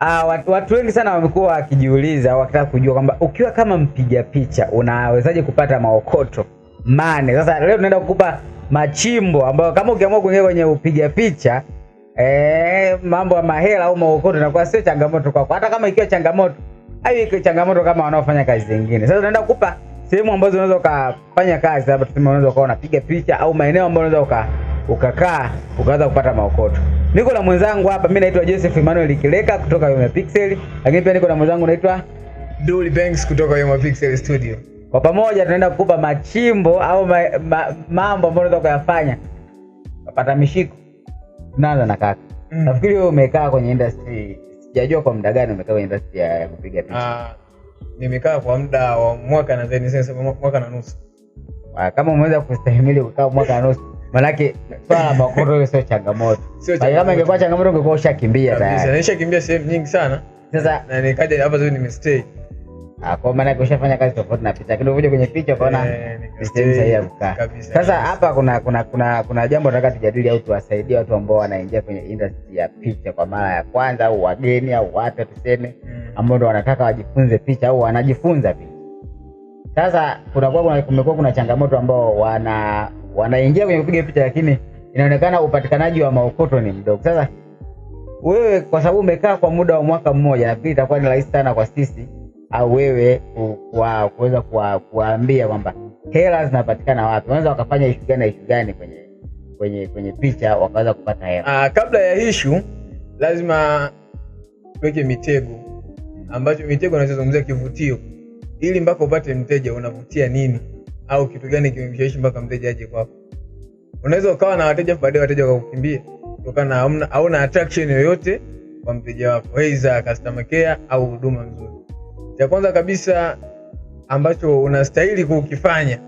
Uh, watu, watu wengi sana wamekuwa wakijiuliza wakitaka kujua kwamba ukiwa kama mpiga picha unawezaje kupata maokoto mane. Sasa leo tunaenda kukupa machimbo ambayo kama ukiamua kuingia kwenye upiga picha eh, mambo ya mahela au maokoto inakuwa sio changamoto kwako, hata kama ikiwa changamoto au iko changamoto kama wanaofanya kazi zingine. Sasa tunaenda kukupa sehemu ambazo unaweza ukafanya kazi, labda tuseme unaweza ukawa unapiga picha au maeneo ambayo unaweza ukakaa ukaanza kupata maokoto. Niko na mwenzangu hapa, mimi naitwa Joseph Emmanuel Kileka kutoka Yoma Pixel, lakini pia niko na mwenzangu naitwa Duli Banks kutoka Yoma Pixel Studio. Kwa pamoja tunaenda kukupa machimbo au ma, ma, mambo ambayo unaweza kuyafanya kupata mishiko. Tunaanza na kaka. Mm. Nafikiri wewe umekaa kwenye industry, sijajua kwa muda gani umekaa kwenye industry ya kupiga picha. Ah, nimekaa kwa muda wa mwaka na zaidi, sasa mwaka na nusu. Ah, kama umeweza kustahimili kukaa mwaka na nusu Manake swala la Makoto sio changamoto. Kama ingekuwa changamoto ungekuwa ushakimbia tayari. Nimeshakimbia sehemu nyingi sana. Sasa na nikaja hapa sasa nimestay. Ah, kwa maana ushafanya kazi tofauti na picha. Lakini unakuja kwenye picha ukaona system eh, sahihi ya kukaa. Sasa hapa kuna kuna kuna kuna jambo nataka tujadili au tuwasaidie watu ambao wanaingia kwenye industry ya picha kwa mara ya kwanza au wageni au watu tuseme mm. ambao ndo wanataka wajifunze picha au wanajifunza picha. Sasa kuna kwa kumekuwa kuna changamoto ambao wana wanaingia kwenye kupiga picha, lakini inaonekana upatikanaji wa maokoto ni mdogo. Sasa wewe kwa sababu umekaa kwa muda wa mwaka mmoja, nafikiri itakuwa ni rahisi sana kwa sisi au wewe kuweza kuwaambia kwamba hela zinapatikana wapi, wanaweza wakafanya ishu gani na ishu gani kwenye kwenye kwenye picha wakaweza kupata hela. Aa, ah, kabla ya ishu lazima tuweke mitego, ambacho mitego nachozungumzia kivutio, ili mpaka upate mteja unavutia nini? au kitu gani kimemshawishi mpaka mteja aje kwako. Unaweza ukawa na wateja baadae wateja wakakukimbia kutokana na hauna, attraction yoyote kwa mteja wako, heiza customer care au huduma nzuri. Cha kwanza kabisa ambacho unastahili kukifanya,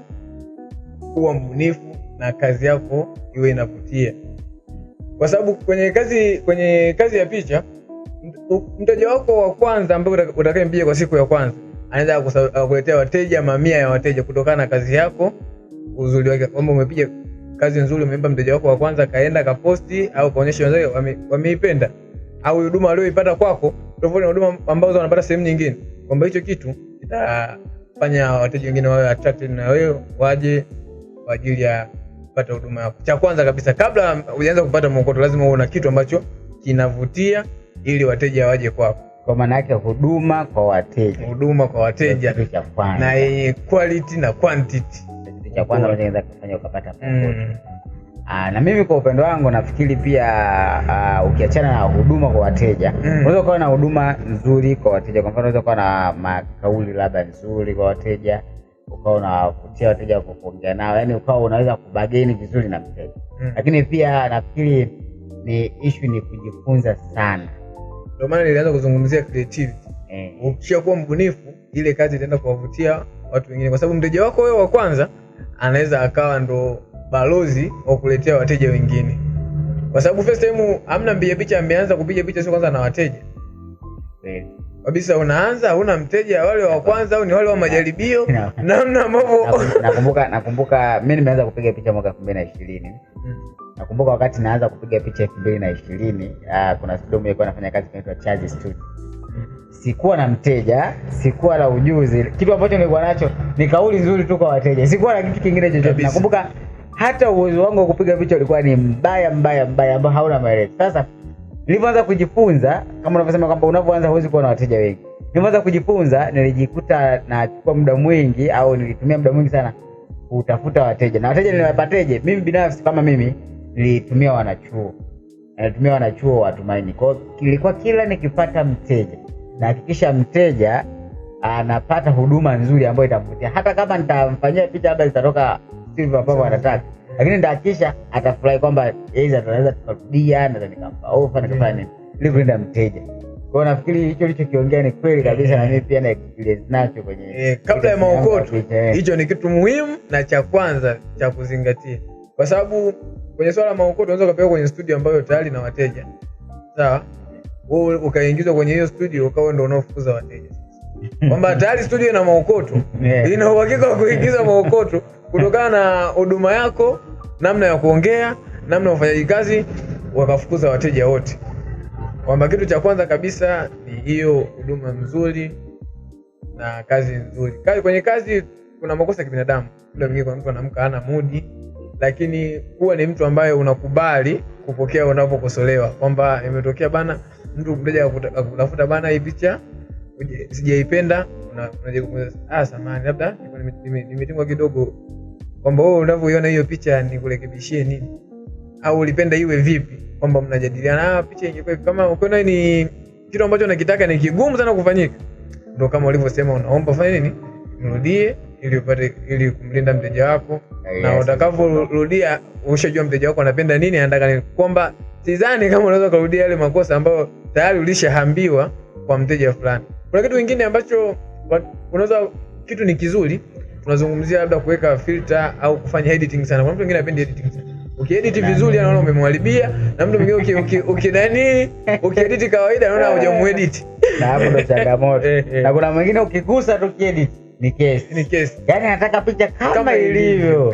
kuwa mbunifu na kazi yako iwe inavutia, kwa sababu kwenye kazi kwenye kazi ya picha mteja wako wa kwanza ambaye utakaembia kwa siku ya kwanza anaweza uh, kuletea wateja mamia ya wateja kutokana na kazi yako, uzuri wake, kwamba umepiga kazi nzuri, umempa mteja wako wa kwanza, kaenda kaposti au kaonyesha wenzake wameipenda, au huduma aliyoipata kwako tofauti na huduma ambazo wanapata sehemu nyingine, kwamba hicho kitu kitafanya wateja wengine wawe attracted na wewe waje kwa ajili ya kupata huduma yako. Cha kwanza kabisa, kabla hujaanza kupata mwokoto, lazima uwe na kitu ambacho kinavutia ili wateja waje kwako kwa maana yake huduma kwa wateja, huduma kwa wateja na yenye quality na quantity, cha kwanza unaweza kufanya ukapata mm. Aa, ah, na mimi kwa upendo wangu nafikiri pia uh, ukiachana na huduma kwa wateja mm. unaweza ukawa na huduma nzuri kwa wateja. Kwa mfano unaweza kuwa na makauli labda nzuri kwa wateja, ukawa unawavutia wateja kwa kuongea nao, yani ukawa unaweza kubageni vizuri na mteja mm. lakini pia nafikiri ni ishu ni kujifunza sana ndio maana nilianza kuzungumzia creativity. Mm. kuwa mbunifu, ile kazi itaenda kuwavutia watu wengine, kwa sababu mteja wako wewe wa kwanza anaweza akawa ndo balozi wa kuletea wateja wengine, kwa sababu first time amna mpiga picha ameanza kupiga picha, sio kwanza na wateja eh. kabisa Unaanza una mteja, wale wa kwanza au ni wale wa majaribio namna ambavyo nakumbuka, nakumbuka mimi nimeanza kupiga picha mwaka 2020 mm. Nakumbuka wakati naanza kupiga picha elfu mbili na ishirini ah, kuna studio moja ilikuwa nafanya kazi inaitwa Charge Studio. Sikuwa na mteja, sikuwa na ujuzi. Kitu ambacho nilikuwa nacho ni kauli nzuri tu kwa wateja, sikuwa na kitu kingine chochote. Nakumbuka hata uwezo wangu wa kupiga picha ulikuwa ni mbaya mbaya mbaya, ambao hauna maelezo. Sasa nilipoanza kujifunza, kama unavyosema kwamba unavyoanza huwezi kuwa na wateja wengi, nilipoanza kujifunza nilijikuta nachukua muda mwingi, au nilitumia muda mwingi sana kutafuta wateja, na wateja niliwapateje? Mimi binafsi kama mimi nilitumia wanachuo nilitumia wanachuo wa Tumaini. Kwa kilikuwa kila nikipata mteja nahakikisha mteja anapata huduma nzuri ambayo itamvutia, hata kama nitamfanyia picha labda zitatoka sivyo ambavyo anataka, lakini nitahakikisha atafurahi kwamba tunaweza tukarudia, naweza nikampa ofa nikafanya nini ili kulinda mteja. Kwa nafikiri hicho lichokiongea ni kweli kabisa, na mimi pia na experience nacho kwenye eh, kabla ya maokoto. Hicho ni kitu muhimu na cha kwanza cha kuzingatia kwa sababu kwenye swala la maokoto unaweza ukapewa kwenye studio ambayo tayari na wateja sawa, wewe ukaingizwa kwenye hiyo studio ukawa ndio unaofukuza wateja kwamba tayari studio ina maokoto yeah. Ina uhakika wa kuingiza maokoto kutokana na huduma yako, namna ya kuongea, namna ya ufanyaji kazi, wakafukuza wateja wote. Kwamba kitu cha kwanza kabisa ni hiyo huduma nzuri na kazi nzuri. Kazi kwenye kazi kuna makosa ya kibinadamu, muda mwingine kuna mtu anaamka hana mudi lakini kuwa ni mtu ambaye unakubali kupokea unapokosolewa, kwamba imetokea bana, mtu mteja akutafuta bana, hii picha sijaipenda, ah, samani labda nimetingwa kidogo, kwamba wewe unavyoiona hiyo picha nikurekebishie nini, au ulipenda iwe vipi, kwamba mnajadiliana, ah, picha Kama ukiona ni kitu ambacho nakitaka ni kigumu sana kufanyika, ndo kama ulivyosema, unaomba fanya nini, mrudie ili upate ili kumlinda mteja wako yes, na utakaporudia ushajua mteja wako anapenda nini, anataka nini, kwamba sidhani kama unaweza kurudia yale makosa ambayo tayari ulishahambiwa kwa mteja fulani. Kuna kitu kingine ambacho unaweza kitu ni kizuri, tunazungumzia labda kuweka filter au kufanya editing sana. Kuna mtu mwingine anapendi editing sana Ukiediti vizuri anaona umemharibia, na mtu mwingine uki, uki, uki nani ukiediti kawaida anaona hujamuedit na hapo ndo changamoto. Eh, eh. Na kuna mwingine ukigusa tu kiedit ni kesi, ni kesi. Yani nataka picha kama, kama ilivyo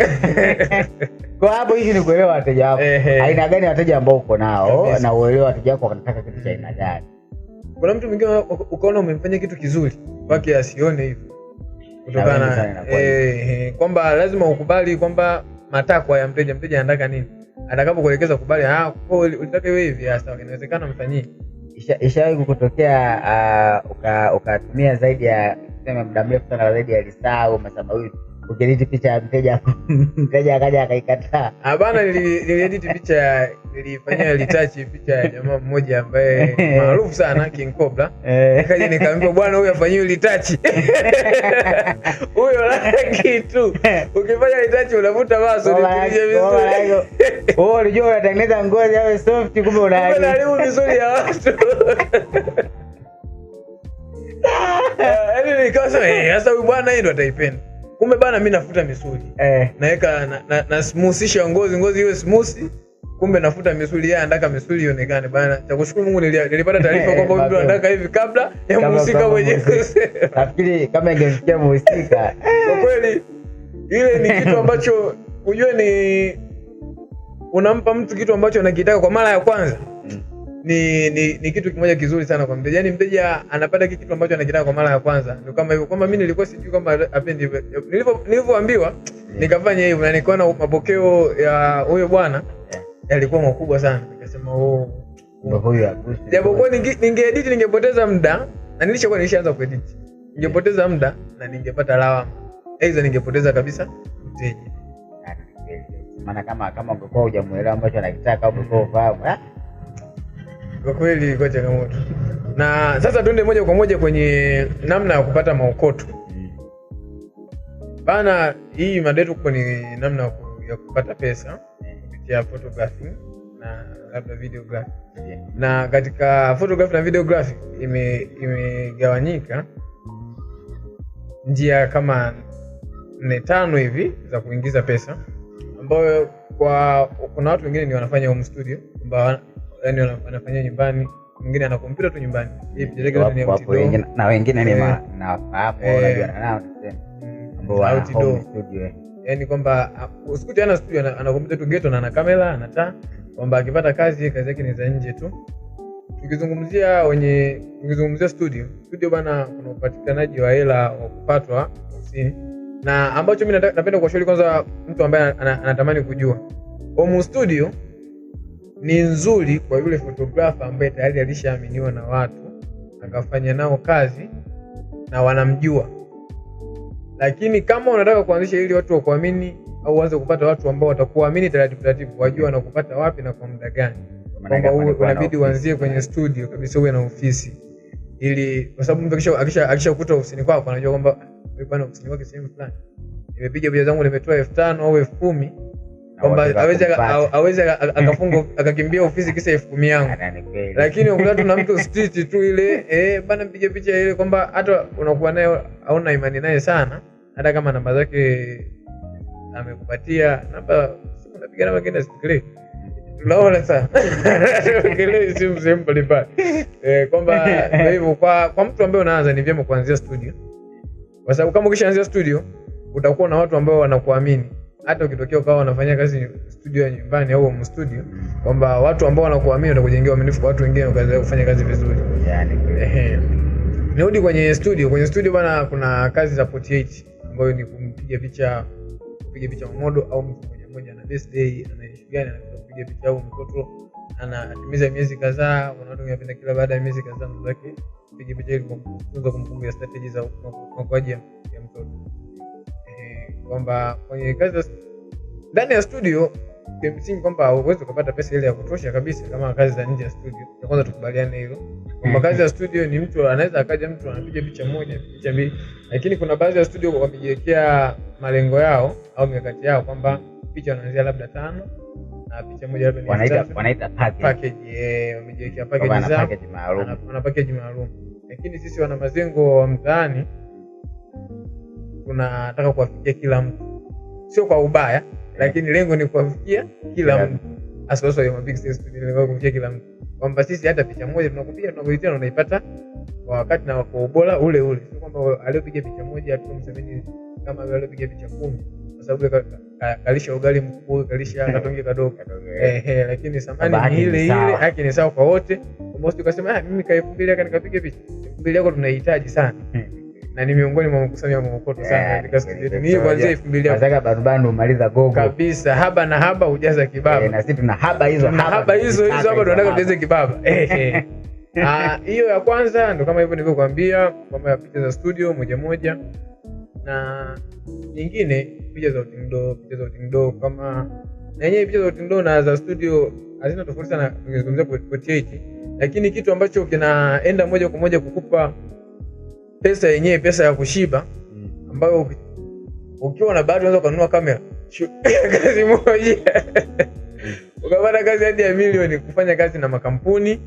kwa hapo. Hizi ni kuelewa wateja wako aina gani, wateja ambao uko nao na uelewa wateja wako wanataka kitu cha aina gani. Kuna mtu mwingine ukaona umemfanya kitu kizuri wake asione hivyo, kutokana eh, kwamba lazima ukubali kwamba matakwa ya mteja, mteja anataka nini, atakapokuelekeza kubali. Ah, ulitaka iwe hivi, hasa ah, inawezekana mfanyie. Ishawahi kukutokea ah, ukatumia zaidi ya tuseme muda mrefu sana zaidi ya saa au masaa mawili ukiediti picha ya mteja mteja akaja akaikataa. Hapana, niliediti picha, nilifanyia litachi picha ya jamaa mmoja ambaye maarufu sana kinkobla Cobra, eh. nikaja nikaambia bwana, huyu afanyiwe litachi huyo la tu ukifanya litachi unavuta maso nipige vizuri. Wewe unajua unatengeneza ngozi awe soft, kumbe unaharibu vizuri ya watu Ah, yaani nikawa eh, huyu bwana yeye ndo ataipenda. Kumbe bana mimi nafuta misuli. Eh. Naweka na, na, na ngozi, ngozi iwe smooth. Kumbe nafuta misuli, yeye anataka misuli ionekane bana. chakushukuru Mungu nilipata taarifa eh, kwamba huyu mtu anataka hivi kabla ya muhusika mwenyewe. Nafikiri kama ingemfikia muhusika Kwa kweli ile ni kitu ambacho ujue ni unampa mtu kitu ambacho anakitaka kwa mara ya kwanza ni, ni, ni kitu kimoja kizuri sana kwa mteja. Yani mteja anapata kitu ambacho anakitaka kwa mara ya kwanza. Ndio kama hivyo. Kwamba mimi nilikuwa sijui kwamba apendi nilivyo nilivyoambiwa Nikafanya hivyo na nikaona mapokeo ya huyo bwana yalikuwa makubwa sana. Nikasema oh, oh. japokuwa ningeedit ningepoteza muda na nilishakuwa nilishaanza kuedit. Ningepoteza muda na ningepata lawama. Aidha ningepoteza kabisa mteja. Yaani Maana kama kama ungekuwa hujamuelewa ambacho anakitaka au ungekuwa mm-hmm. ufahamu eh? kwa kweli ilikuwa changamoto. Na sasa tuende moja kwa moja kwenye namna ya kupata maokoto bana. Hii mada yetu kwa ni namna ya kupata pesa kupitia photography na labda videography, na katika photography na videography imegawanyika njia kama nne tano hivi za kuingiza pesa, ambayo kwa kuna watu wengine ni wanafanya home studio ambao yani anafanyia nyumbani mwingine ana kompyuta tu nyumbani na wengine ni eh. mm. eh. yani kwamba ah, usikuti ana studio ana kompyuta tu geto na ana kamera ana taa kwamba akipata kazi kazi yake ni za nje tu tukizungumzia wenye tukizungumzia studio studio bana kuna upatikanaji wa hela wa kupatwa ofisini na ambacho mi napenda kuwashauri kwanza mtu ambaye anatamani kujua home studio ni nzuri kwa yule photographer ambaye tayari alishaaminiwa na watu akafanya nao kazi na wanamjua. Lakini kama unataka kuanzisha ili watu wakuamini au uanze kupata watu ambao watakuamini taratibu taratibu, wajua wanakupata wapi na kwa muda gani, kwamba unabidi uanzie kwenye studio kabisa, uwe na ofisi ili kwa sababu mtu akisha akisha akishakuta ofisini kwako anajua kwamba ah, bwana, ofisini kwake sehemu fulani nimepiga picha zangu nimetoa elfu tano au elfu kumi kwamba aweze akafunga akakimbia ofisi kisa elfu kumi yangu, lakini unakuta tuna mtu street tu ile eh, bana mpige picha ile, kwamba hata unakuwa naye hauna imani naye sana, hata kama namba zake amekupatia namba, napiga namba kenda sikilee tunaona sana kelele simu sehemu mbalimbali eh, kwamba kwa hivyo kwa kwa mtu ambaye unaanza ni vyema kuanzia studio, kwa sababu kama ukishaanzia studio utakuwa na watu ambao wanakuamini hata ukitokea ukawa wanafanya kazi studio ya nyumbani au home studio, kwamba watu ambao wanakuamini watakujengea uaminifu kwa watu wengine, ukaweza kufanya kazi vizuri. Yani nirudi kwenye studio. Kwenye studio bana, kuna kazi za 48 ambayo ni kumpiga picha, kupiga picha modo au mtu mmoja mmoja, ana birthday, ana issue gani, anataka kupiga picha au mtoto anatimiza miezi kadhaa, kuna watu wanapenda kila baada ya miezi kadhaa mtoto wake kupiga picha ili kumfunza, kumfunza strategy za makuaji ya mtoto kwamba kwenye kazi ndani ya studio kimsingi kwamba huwezi kupata pesa ile ya kutosha kabisa kama kazi za nje ya studio. ya kwanza tukubaliane hilo kwamba kazi ya studio ni mtu anaweza akaja mtu anapiga picha moja picha mbili, lakini kuna baadhi ya studio wamejiwekea malengo yao au mikakati yao kwamba picha wanaanzia labda tano na picha moja labda wanaita wanaita package package, eh, wamejiwekea package zao, wana package maalum, lakini sisi wana mazengo wa mtaani tunataka kuwafikia kila mtu, sio kwa ubaya, lakini lengo ni kuwafikia kila mtu kufikia kila mtu, kwamba sisi hata picha moja tunakupiga tunakuitia na unaipata kwa wakati na kwa ubora ule ule, sio kwamba aliyopiga picha moja atumsemeni kama aliyopiga picha kumi kwa sababu kalisha ugali mkubwa kalisha katonge kadogo, eh, eh, lakini samani ni ile ile, haki ni sawa kwa wote. Ukasema ah, mimi ka elfu nikapiga picha elfu yako tunahitaji sana hmm na ni miongoni mwa makusanyo ya kokoto sana eh, katika sisi yetu. Ni kuanzia 2000 nataka barubani umaliza gogo kabisa, haba na haba hujaza kibaba, eh, na sisi tuna haba hizo na haba hizo hizo hapa tunataka tujaze kibaba eh, eh. Ah, hiyo ya kwanza ndo kama hivyo nilivyokuambia, kama ya picha za studio moja moja na nyingine picha za utindo, picha za utindo kama na yenyewe picha za utindo na za studio hazina tofauti sana, tukizungumzia 48 lakini kitu ambacho kinaenda moja kwa moja kukupa pesa yenyewe pesa ya kushiba mm. ambayo ukiwa na bahati unaweza kununua kamera kazi moja mm. ukapata kazi hadi ya milioni kufanya kazi na makampuni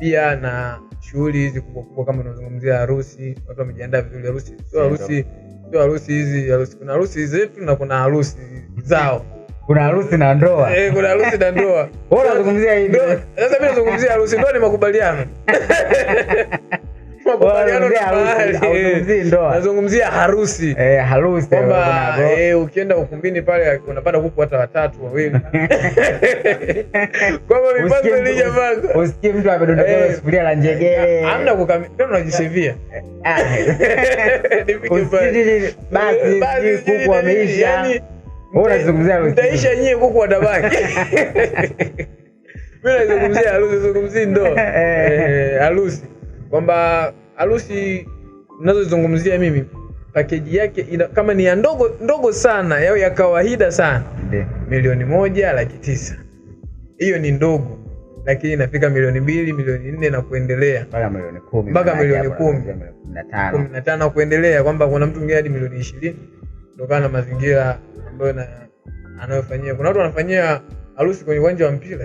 pia na shughuli hizi kubwa kubwa, kama unazungumzia harusi, watu wamejiandaa vizuri. Harusi sio harusi, sio harusi hizi harusi, kuna harusi zetu na kuna harusi zao, kuna harusi na ndoa eh, kuna harusi na ndoa. Wewe unazungumzia hivi Sasa mimi nazungumzia harusi, ndoa ni makubaliano Eh, nazungumzia harusi, eh, kwamba eh, ukienda ukumbini pale unapanda kuku hata watatu wawili, kwamba mipango ilijapanga, usikie mtu amedondokea sufuria la njegere, hamna kukamilika, unajishevia ah. basi kuku wameisha Taisha nyie, kuku watabaki. Mi nazungumzia harusi, zungumzii ndoa harusi, kwamba harusi nazozungumzia mimi pakeji yake ina, kama ni ya ndogo ndogo sana yao ya kawaida sana yeah. milioni moja laki tisa hiyo ni ndogo, lakini inafika milioni mbili milioni nne na kuendelea mpaka milioni kumi kumi na tano kuendelea, kwamba kuna mtu mwingine hadi milioni ishirini kutokana na mazingira ambayo anayofanyia. Kuna watu wanafanyia harusi kwenye uwanja wa mpira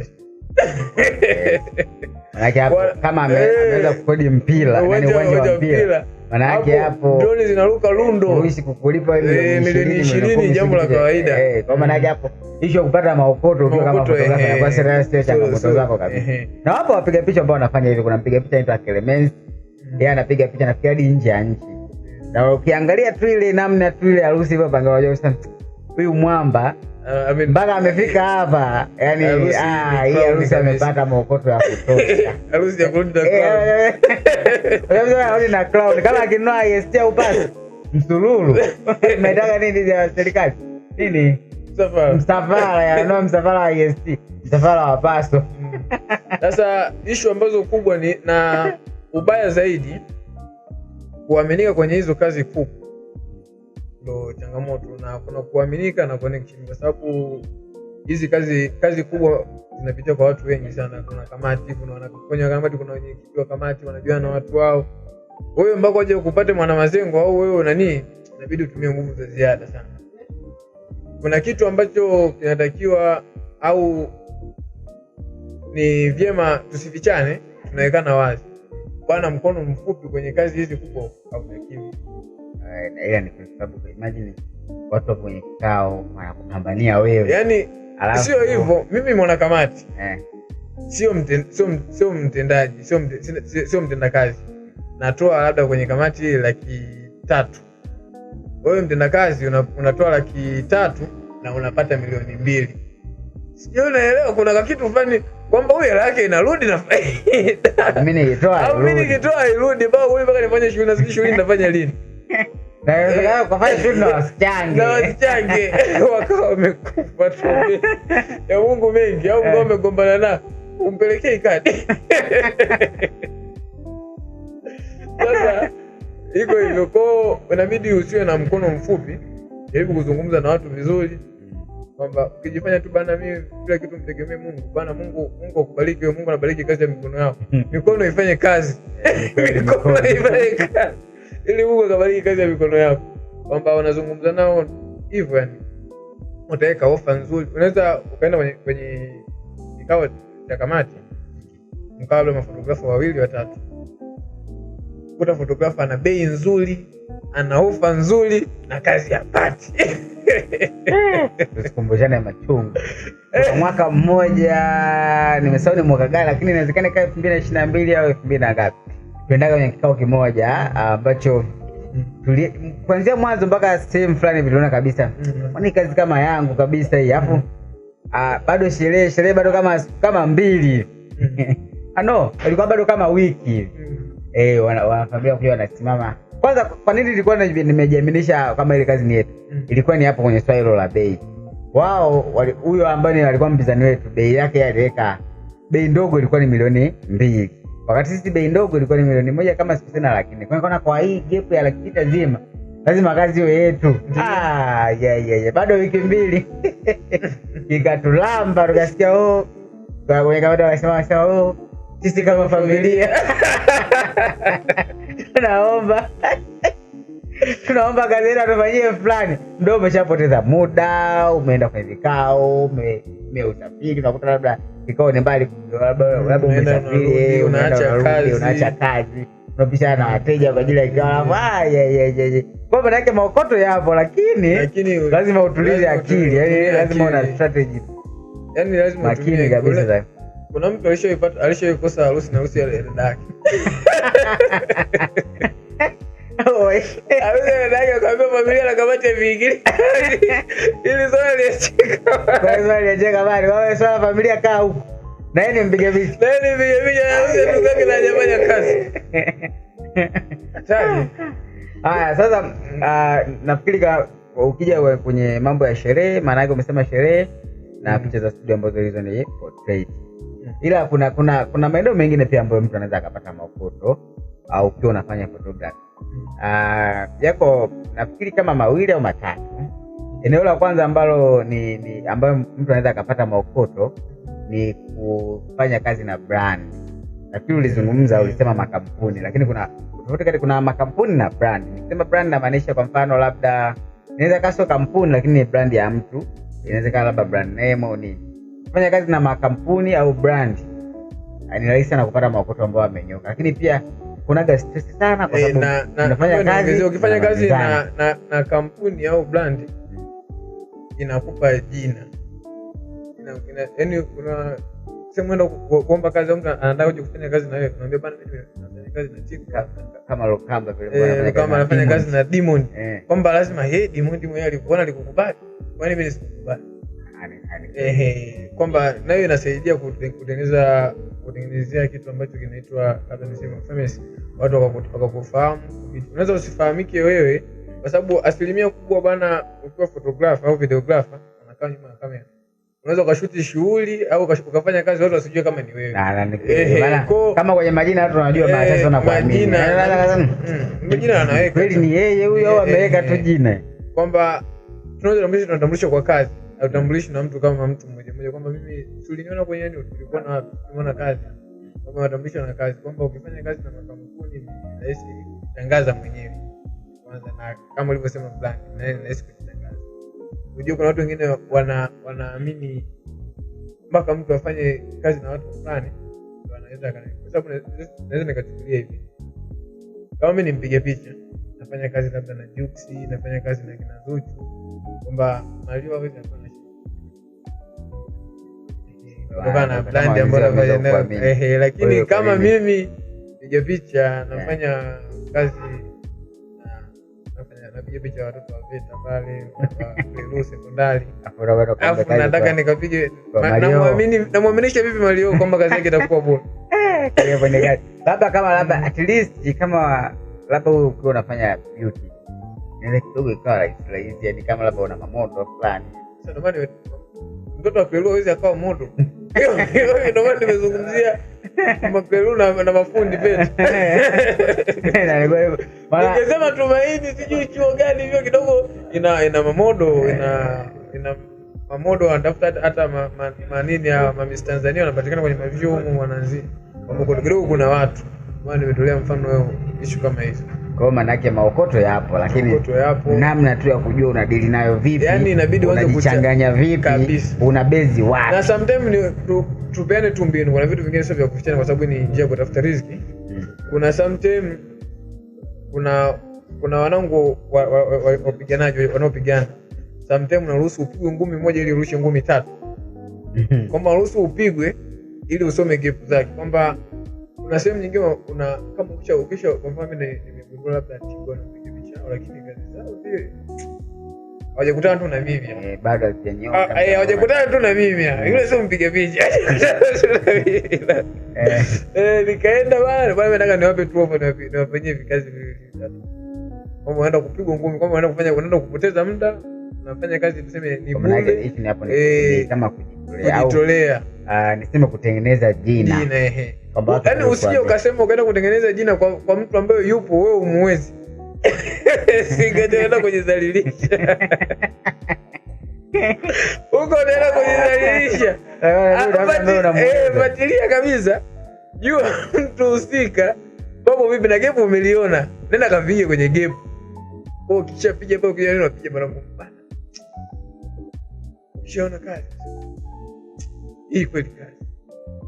Manake hapo kama eh. ameweza kukodi mpira yani uwanja wa mpira, manake hapo droni zinaruka lundo, uishi kukulipa eh, milioni ishirini, jambo la kawaida eh, kwa manake hapo isho kupata maokoto ukiwa kama fotografa na kwa sera sio changamoto zako kabisa. Na wapo wapiga picha ambao wanafanya hivyo, kuna mpiga picha anaitwa Clemens, mm. yeye anapiga picha nafikiri hadi nje ya nchi, na ukiangalia tu ile namna tu ile harusi ilivyopangiwa, unajua huyu mwamba Uh, mpaka amefika hapa, yani ah, hii harusi amepata maokoto ya kutosha. Eh, eh, eh. na kama akinoa IST au pasi msululu, metaka nini ya serikali nini? Msafara msafara wa IST, msafara wa paso. Mm. Sasa ishu ambazo kubwa ni na ubaya zaidi kuaminika kwenye hizo kazi kubwa changamoto na kuna kuaminika na connection, kwa sababu hizi kazi kazi kubwa zinapitia kwa watu wengi sana. Kuna kamati, kuna wanafanya kamati, kuna wenye wa kamati wanajua na watu wao. Wewe mpaka uje ukupate mwana mazengo au wewe nani, inabidi utumie nguvu za ziada sana. Kuna kitu ambacho kinatakiwa au ni vyema tusifichane, tunawekana wazi bwana, mkono mfupi kwenye kazi hizi kubwa au Eh, ila ni kwenye kikao wanakupambania wewe, yani sio hivyo. Mimi mwanakamati eh, sio mten, mtendaji sio mte, mtendakazi, natoa labda kwenye kamati ile laki tatu, wewe mtendakazi unatoa laki tatu na unapata milioni mbili. Sijui unaelewa, kuna kakitu fulani kwamba huyu hela yake inarudi na irudi nikitoa huyu mpaka nifanye shughuli, nafanya lini? na ukafanya shughuli na wakawa wamekufa ya Mungu mengi au mgao umegombana na umpelekee kadi. Sasa iko hivyo kwao, inabidi usiwe na mkono mfupi, jaribu kuzungumza na watu vizuri, kwamba ukijifanya tu bana, mimi kila kitu mtegemee Mungu bana, Mungu Mungu akubariki Mungu anabariki kazi ya mikono yako, hmm. mikono ifanye kazi, mikono ifanye kazi ili Mungu akabariki kazi ya mikono yako, kwamba wanazungumza nao hivyo yani, utaweka ofa nzuri. Unaweza ukaenda kwenye kwenye kikao cha kamati, mkawa na mafotografa wawili watatu, kuta fotografa ana bei nzuri, ana ofa nzuri na kazi ya pati tusikumbushane machungu. Mwaka mmoja nimesahau ni mwaka gani, lakini inawezekana kaa elfu mbili na ishirini na mbili au elfu mbili na ngapi tuendaga kwenye kikao kimoja ah, ambacho kuanzia mwanzo mpaka sehemu fulani viliona kabisa mm, ni kazi kama yangu kabisa hii afu ah, bado sherehe sherehe bado kama kama mbili ano ah, ilikuwa bado kama wiki mm. eh, wanafamilia kuja wanasimama kwanza. Kwa nini ilikuwa nimejiaminisha kama ile kazi ni yetu? Mm. Ilikuwa ni hapo kwenye swali la bei. Wao huyo ambaye alikuwa mpizani wetu, bei yake aliweka bei ndogo, ilikuwa ni milioni mbili wakati sisi bei ndogo ilikuwa ni milioni moja kama siku na laki nne. Kwa kwa hii gap ya laki sita zima lazima kazi iwe yetu. Ah, yeah, yeah, yeah. Bado wiki mbili ikatulamba tukasikia oh, kwenye kamati wakasema oh, sisi kama familia tunaomba tunaomba kazi yetu atufanyie fulani. Mdomo umeshapoteza muda, umeenda kwenye vikao, umeusafiri, unakuta labda kikao ni mbali, labda mm, umesafiri, unaacha kazi, unaacha kazi unapishana na wateja kwa ajili ya kikao. Ah, kwa maana yake maokoto yapo, lakini lazima utulize akili, yani lazima una strategy, yani lazima makini kabisa. Kuna mtu alishoipata alishoikosa harusi na harusi ya boy. familia na vingine. Ili Kwa bali wewe familia kaa huko. Na yeye Na yeye na ndugu yake na kazi. Haya sasa uh, nafikiri ukija kwenye mambo ya sherehe maana yake umesema sherehe na mm. picha za studio ambazo hizo ni portrait. Mm. Ila kuna kuna kuna maeneo mengine pia ambayo mtu anaweza akapata maokoto au ukiwa unafanya photography Uh, yako nafikiri kama mawili au matatu. Eh. Eneo la kwanza ambalo ni, ni ambayo mtu anaweza akapata maokoto ni kufanya kazi na brand. Nafikiri ulizungumza ulisema makampuni, lakini kuna tofauti kati, kuna makampuni na brand. Nikisema brand namaanisha kwa mfano labda inaweza kaa sio kampuni lakini ni brand ya mtu, inawezekana labda brand name au nini. Kufanya kazi na makampuni au brand ni rahisi sana kupata maokoto ambayo amenyoka, lakini pia kunaga stress sana kwa eh, sababu unafanya kazi ukifanya kazi na, na, na kampuni au brand inakupa jina yaani kuna semwenda kuomba kazi au anataka kuja kufanya kazi na wewe unaambia bana mimi nafanya kazi na timu kama lokamba vile kama eh, anafanya kazi na Diamond eh. kwamba lazima hey Diamond mwenyewe alikuona alikukubali kwani mimi sikukubali kwamba nayo inasaidia kutengeneza kutengenezea kitu ambacho kinaitwa labda niseme famous, watu wakakufahamu. Unaweza usifahamike wewe, kwa sababu asilimia kubwa bana, ukiwa photographer au videographer unakaa nyuma ya kamera, unaweza ukashuti shughuli au ukafanya kazi watu wasijue kama ni wewe. Kama kwenye majina watu wanajua, mara chache wanakuamini majina, mm, anaweka kweli ni yeye huyo au ameweka tu jina, kwamba tunaweza tunatambulisha kwa kazi na na mtu kama mtu mmoja mmoja, kwamba mimi tuliniona kwenye nini, tulikuwa na tumeona kazi kwamba utambulisho na kazi, kwamba ukifanya kazi na makampuni ni rahisi kutangaza mwenyewe kwanza, na kama ulivyosema blank, na ni rahisi kutangaza. Unajua, kuna watu wengine wana wanaamini mpaka mtu afanye kazi na watu fulani anaweza kana, kwa sababu naweza nikachukulia hivi, kama mimi nimpige picha nafanya kazi labda na Juksi, nafanya kazi na kina Zuchu, kwamba Mario hawezi kufanya kutokana na ambayo nafanya nayo ehe, lakini kama mimi piga picha nafanya kazi napiga picha watoto wa VETA pale Kweru sekondari, alafu nataka nikapige, namwaminisha vipi Mario kwamba kazi yake itakuwa bora? Labda kama labda at least kama labda wewe ukiwa unafanya beauty ile kidogo ikawa rahisi rahisi, yani kama labda una mamoto fulani. Sasa ndio maana mtoto wa pelu hawezi akawa moto Ndio nimezungumzia maperu na mafundi pete. Tumaini sijui chuo gani hivyo kidogo ina ina mamodo ina ina mamodo wanatafuta hata manini ya mamis Tanzania wanapatikana kwenye mavyumu wananzi Kwa kidogo kuna watu. Maana nimetolea mfano wao ishu kama hizo. Kwa maana yake maokoto yapo, lakini yapo. namna tu ya kujua unadili nayo vipi, yani inabidi uanze kuchanganya vipi, una bezi wapi. Na sometimes ni tupeane tu mbinu. Kuna vitu vingine sio vya kufichana, kwa sababu ni njia ya kutafuta riziki. Hmm. Kuna sometimes kuna kuna wanangu wapiganaji wa, wa, wa, wanaopigana sometimes unaruhusu upigwe ngumi moja ili urushe ngumi tatu, hmm. kwamba unaruhusu upigwe ili usome gap zake kwamba kuna sehemu nyingine una kama ukisha ukisha kwa mfano mimi nimegundua labda Tigwa na Pikipiki chao, lakini kazi zao zile hawajakutana tu na mimi eh, bado hazijanyoka ah, eh, hawajakutana tu na mimi yule, sio mpiga picha eh. eh nikaenda bana bana, nataka niwape tu hapo, niwafanyie vikazi viwili vitatu, kama unaenda kupigwa ngumi, kama unaenda kufanya unaenda kupoteza muda, unafanya kazi tuseme ni bure eh, kama kujitolea au kujitolea, ah, niseme kutengeneza jina jina, ehe yani usije ukasema ukaenda kutengeneza jina kwa, kwa mtu ambaye yupo wewe umuwezi singetaenda kujidhalilisha huko naenda kujidhalilisha fatilia kabisa jua mtu husika mambo vipi na gepu umeliona nenda kavige kwenye gepu kwa ukishapiga pale ukija neno piga mara moja bana kazi hii kweli kazi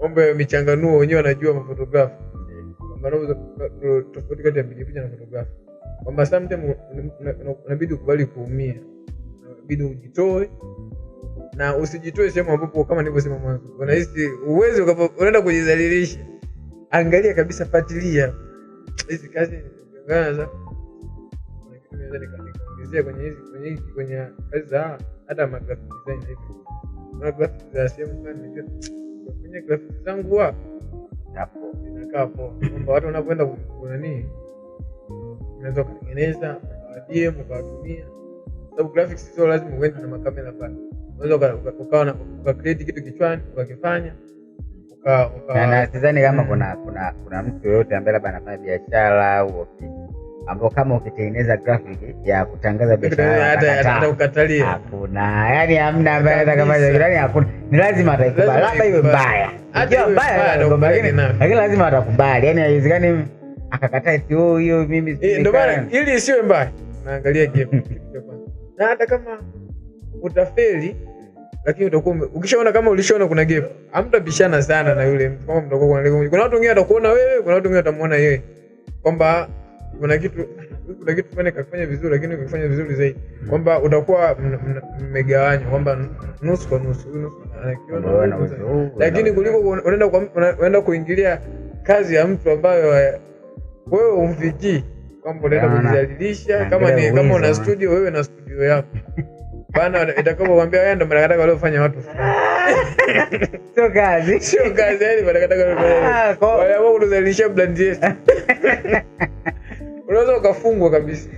mambo ya michanganuo wenyewe wanajua mafotografa tofauti kati ya mpiga na fotografa kwamba sometimes unabidi ukubali kuumia unabidi ujitoe na usijitoe sehemu ambapo kama nilivyosema mwanzo unahisi uwezi unaenda kujizalilisha angalia kabisa fatilia hizi kazi nikiangaza naweza nikaongezea kwenye hizi kwenye hizi kwenye kazi za hata ma graphic design hivi ma za sehemu gani kwenye graphics zangu wa Hapo inakaa hapo, kwamba watu wanapoenda kuna unaweza kutengeneza ukawadie ukawatumia, sababu graphics sio lazima uende na makamera pale, unaweza kitu kichwani ukakifanya uka, na sidhani kama kuna kuna kuna mtu yoyote ambaye labda anafanya biashara au ofisi ambao kama ukitengeneza graphic ya kutangaza biashara yani, ambaye yaani hakuna. Ni lazima labda iwe mbaya, lazima atakubali. Yani haiwezekani akakataa oh, hiyo mimi eh, ili isiwe mbaya, naangalia na hata kama utafeli lakini utakuwa ukishaona kama kuna sana na yule kama mtakuwa kuna watu wengine watakuona wewe, kuna watu wengine watamuona yeye kwamba kuna kitu kuna kitu fulani vizuri, lakini ukifanya vizuri zaidi, kwamba utakuwa mmegawanywa kwamba nusu kwa nusu, nusu anakiona, lakini kuliko unaenda unaenda kuingilia kazi ya mtu ambayo eh, wewe umfikii kwamba unaenda yaani, kujidhalilisha. Kama ni kama una studio, wewe na studio yako bana, kwambia wewe ndio wale ufanye watu sio kazi, sio kazi, yani matakataka waliofanya ah, wale ambao kutudhalilisha brand w unaweza ukafungwa kabisa.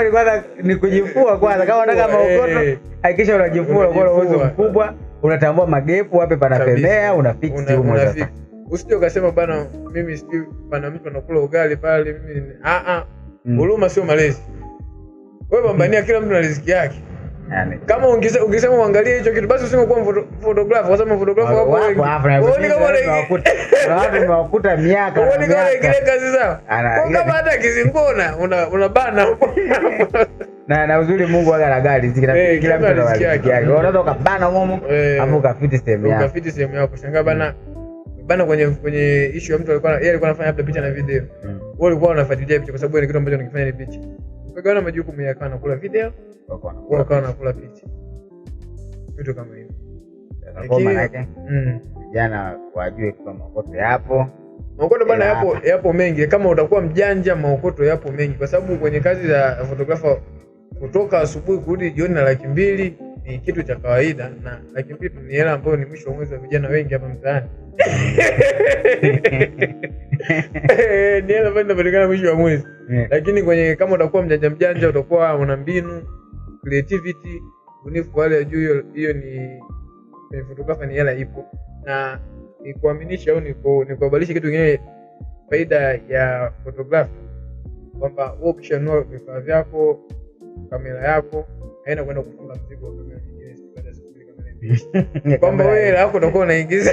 ni kujifua kwanza, kama unataka maokoto eh. hakikisha unajifua kwa uwezo mkubwa, unatambua magepu wapi panapemea una fix Usije ukasema bana, mimi sijui pana mtu anakula ugali pale, mimi a ah, ah. mm. huruma sio malezi. we pambania, kila mtu na riziki yake. Yani. Kama ungise ungesema uangalie hicho kitu basi useme photographer kwa sababu photographer wapo wengi. Unaona kama Wapo Watu unawakuta miaka. Wapo kama ile kazi zao. Kwa kama hata kizingona una unabana huko. Na na uzuri Mungu wala la gari eh, kila kila mtu ana yake. Unaweza ukabana humo hapo eh. ukafiti sehemu yako. Ukafiti sehemu yako shangaa bana. Bana kwenye kwenye issue ya mtu alikuwa yeye alikuwa anafanya labda picha na video. Wao mm. walikuwa wanafuatilia picha kwa sababu ile kitu ambacho nikifanya ni picha. Wakawana majukumu ya nakula video, wakawa nakula picha, vitu kama hivyo. Manake mm. vijana wajue kuwa maokoto yapo, maokoto bana yapo, yapo mengi. Kama utakuwa mjanja, maokoto yapo mengi, kwa sababu kwenye kazi za fotografa kutoka asubuhi kurudi jioni na laki mbili ni kitu cha kawaida, na laki mbili ni hela ambayo ni mwisho wa mwezi wa vijana wengi hapa mtaani. Ni hela ambayo inapatikana mwisho wa mwezi, lakini kwenye kama utakuwa mjanja mjanja, utakuwa una mbinu, creativity, ubunifu wale ya juu, hiyo ni kwenye fotografa ni hela ipo, na ni kuaminisha au nikuabalisha kitu kingine, faida ya fotografa kwamba huo ukishanua vifaa vyako kamera yako haina kwenda kufunga mzigo kwamba wewe lako unakuwa unaingiza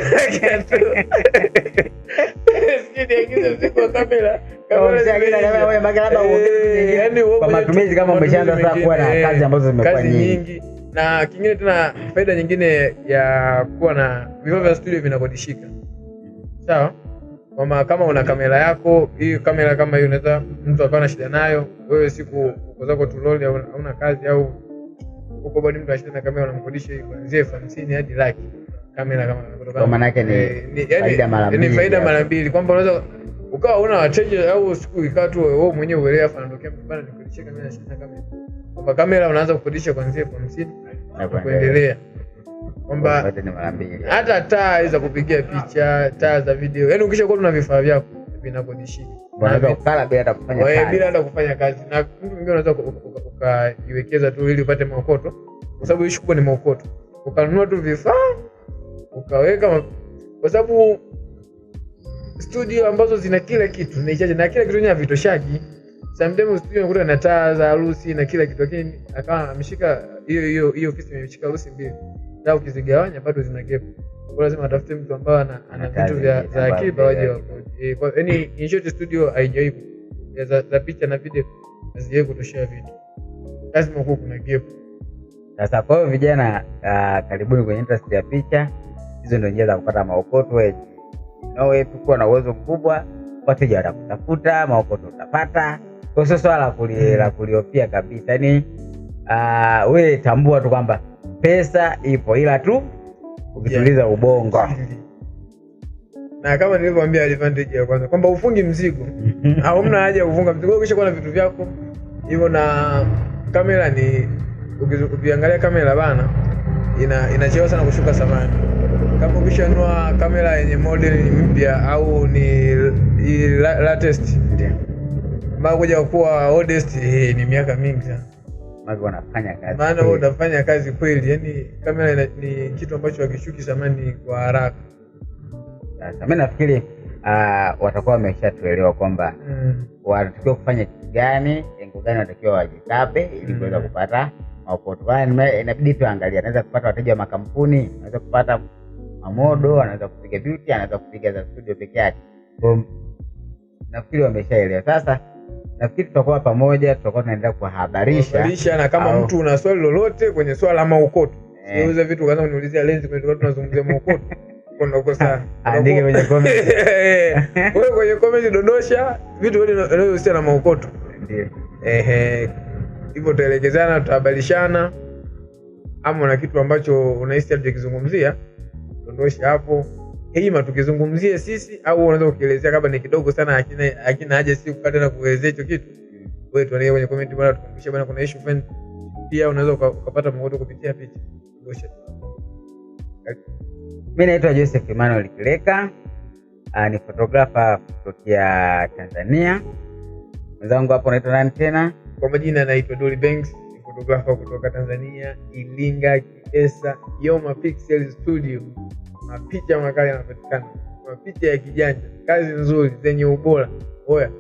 matumizi kama umeshaanza sasa kuwa na kazi ambazo zimekuwa nyingi na kingine tena faida nyingine ya kuwa na vifaa vya studio vinakodishika sawa kwamba kama una kamera yako hii kamera kama hiyo unaweza mtu akawa na shida nayo wewe siku uko zako tuloli au una kazi au huko bado mtu anashinda na kamera unamkodisha hii kuanzia elfu hamsini hadi laki kamera kama kwa maana yake ni eh, faida mara mbili ni faida mara mbili kwamba unaweza ukawa una wateja au siku ikawa tu wewe mwenyewe uelewa afa anatokea mbana bana nikodishe kamera shida kamera kwamba kamera unaanza kukodisha kuanzia elfu hamsini na kuendelea kwamba hata taa za kupigia picha taa za video yaani ukishakuwa tuna vifaa vyako vinavyojishika hata kufanya kazi, na mtu mwingine unaweza ukaiwekeza tu ili upate maokoto, kwa sababu ishi kubwa ni maokoto, ukanunua tu vifaa ukaweka, kwa sababu studio ambazo zina kila kitu nichache na kila kitu enye havitoshagi. Sometimes na taa za harusi na kila kitu, lakini akawa ameshika hiyo hiyo ofisi imeshika harusi mbili, na ukizigawanya bado zina gepu lazima atafute mtu ambaye ana vitu vya za akiba waje wakodi. picha na video hazijawahi kutoshea vitu, lazima kuwa kuna gap. Sasa kwa hiyo vijana, uh, karibuni kwenye interest ya picha. Hizo ndio njia za kupata maokoto yetu. na uwezo mkubwa, wateja watakutafuta, maokoto utapata. sio swala hmm. la kuliofia kabisa, yaani uh, ah, we tambua tu kwamba pesa ipo ila tu ukituliza yeah. ubongo na kama nilivyoambia advantage ya kwanza kwamba ufungi mzigo hauna haja ya kufunga mzigo, ukishakuwa na vitu vyako hivyo. Na kamera ni ukiangalia kamera bana, ina inachewa sana kushuka samani Kama ukishanua kamera yenye model mpya au ni latest, mbaya kuja kuwa oldest, eh, ni miaka mingi sana maana wanafanya kazi, maana wewe unafanya kazi kweli. Yani kamera ni kitu ambacho wakishuki zamani kwa haraka. Sasa mimi nafikiri uh, watakuwa wameshatuelewa kwamba mm. wanatakiwa kufanya kitu gani, lengo gani wanatakiwa wajikape ili kuweza mm. kupata maopoto. Inabidi tuangalia, anaweza kupata wateja wa makampuni, anaweza kupata mamodo, anaweza kupiga beauty, anaweza kupiga za studio peke yake. Nafikiri wameshaelewa sasa nafikiri tutakuwa pamoja, tutakuwa tunaendelea kuwahabarisha, na kama au, mtu una swali lolote kwenye swala la maukoto eh, vitu kaanza kuniulizia lenzi kwenye tukao tunazungumzia maukoto unakosa, ah, andike kwenye comment wewe, kwenye comment dondosha vitu vinavyohusiana na maukoto, ndio ehe, hivyo tutaelekezana, tutahabarishana, ama na kitu ambacho unahisi hatukizungumzia dondosha hapo hima tukizungumzie sisi au unaweza ukielezea kama ni kidogo sana, akina haja si kupata na kuelezea hicho kitu. Wewe tuandike kwenye comment bwana, tukumbushe bwana, kuna issue fulani. Pia unaweza ukapata mwongozo kupitia picha. Mimi naitwa Joseph Emmanuel Kileka. Uh, ni photographer kutokea Tanzania. Mwenzangu hapo naitwa nani tena? Kwa majina naitwa Dolly Banks, ni photographer kutoka Tanzania, Ilinga, Kiesa, Yoma Pixel Studio mapicha makali yanapatikana, mapicha ya kijanja, kazi nzuri zenye ubora. Oya,